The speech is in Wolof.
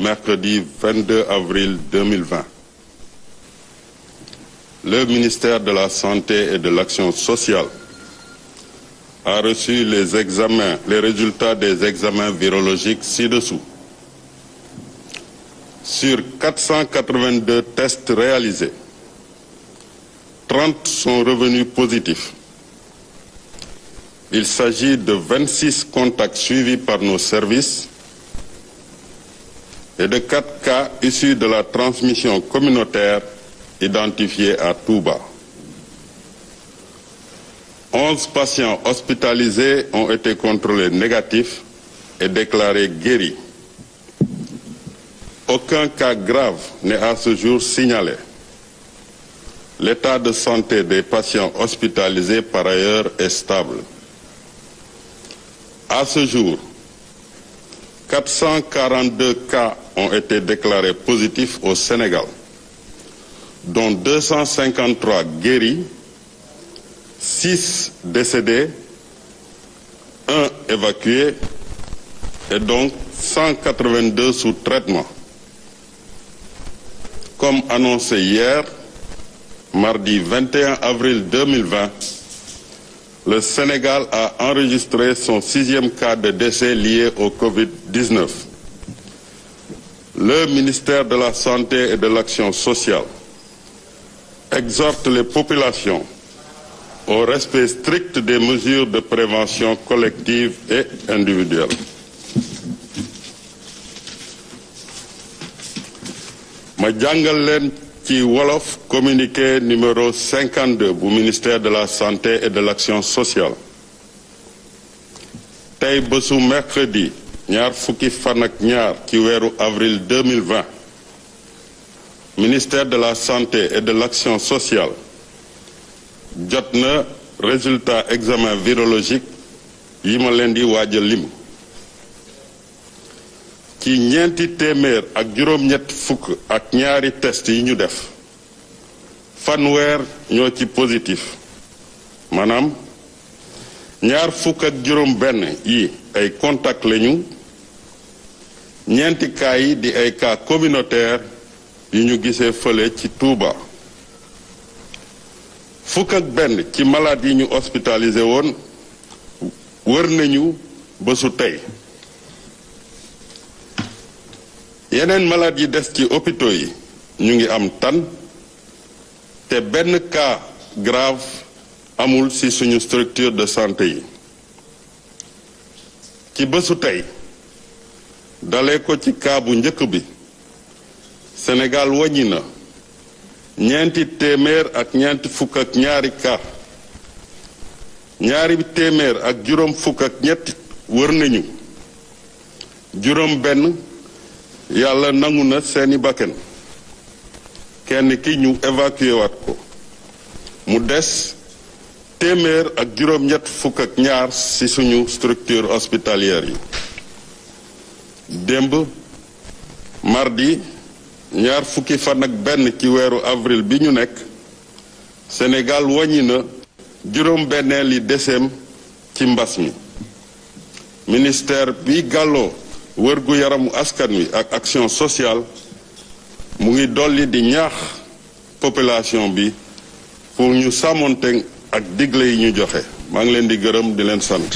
mercredi 22 avril 2020. Le ministère de la Santé et de l'Action sociale a reçu les examens, les résultats des examens virologiques ci-dessous. Sur 482 tests réalisés, 30 sont revenus positifs. Il s'agit de 26 contacts suivis par nos services et de 4 cas issus de la transmission communautaire identifiée à Touba. 11 patients hospitalisés ont été contrôlés négatifs et déclarés guéris. Aucun cas grave à ce jour signalé. L'état de santé des patients hospitalisés par ailleurs stable. À ce jour, 442 ont été déclarés positifs au Sénégal, dont 253 guéris, 6 décédés, 1 évacué et donc 182 sous traitement. Comme annoncé hier, mardi 21 avril 2020, le Sénégal a enregistré son sixième cas de décès lié au Covid-19. le ministère de la Santé et de l'Action les populations au respect strict des mesures de prévention collective et individuelle. ma jàngal leen ci wolof communiqué numéro 52 bu ministère de la santé et de l'action sociale tey bésu ñaar fukki fan ak ñaar ci weeru avril 2020 ministère de la santé et de l'action sociale jot na résultat examen virologique yi ma leen di waaj a lim ci ñeenti téeméer ak juróom-ñett fukk ak ñaari test yi ñu def fanweer ñoo ci positif maanaam ñaar fukk ak juróom benn yi ay contact lañu ñeenti cas yi di ay cas communautaire yu ñu gisee fële ci Touba fukk ak benn ci malade yi ñu ospitalise woon wër nañu bésu tey yeneen malade yi des ci hôpitaux yi ñu ngi am tan te benn cas grave amul ci suñu structure de santé yi ci bésu tey dale ko ci kaabu njëkk bi Sénégal wàññi na ñeenti téeméer ak ñeenti fukk ak ñaari wër nañu juróom benn yàlla nangu na seeni bakken kenn ki ñu évacué ko mu des téeméer ak juróom-ñett fukk ak ñaar ci suñu structure hospitalière yi démb mardi ñaar fukki fan ak benn ci weeru avril bi ñu nekk senegal wàññi na juróom benneeli deseem ci mbas mi ministère bi gàlloo wërgu yaramu askan wi ak action sociale mu ngi dolli di ñaax population bi pour ñu sàmmoonte ak digle yi ñu joxe maa ngi leen di gërëm di leen sant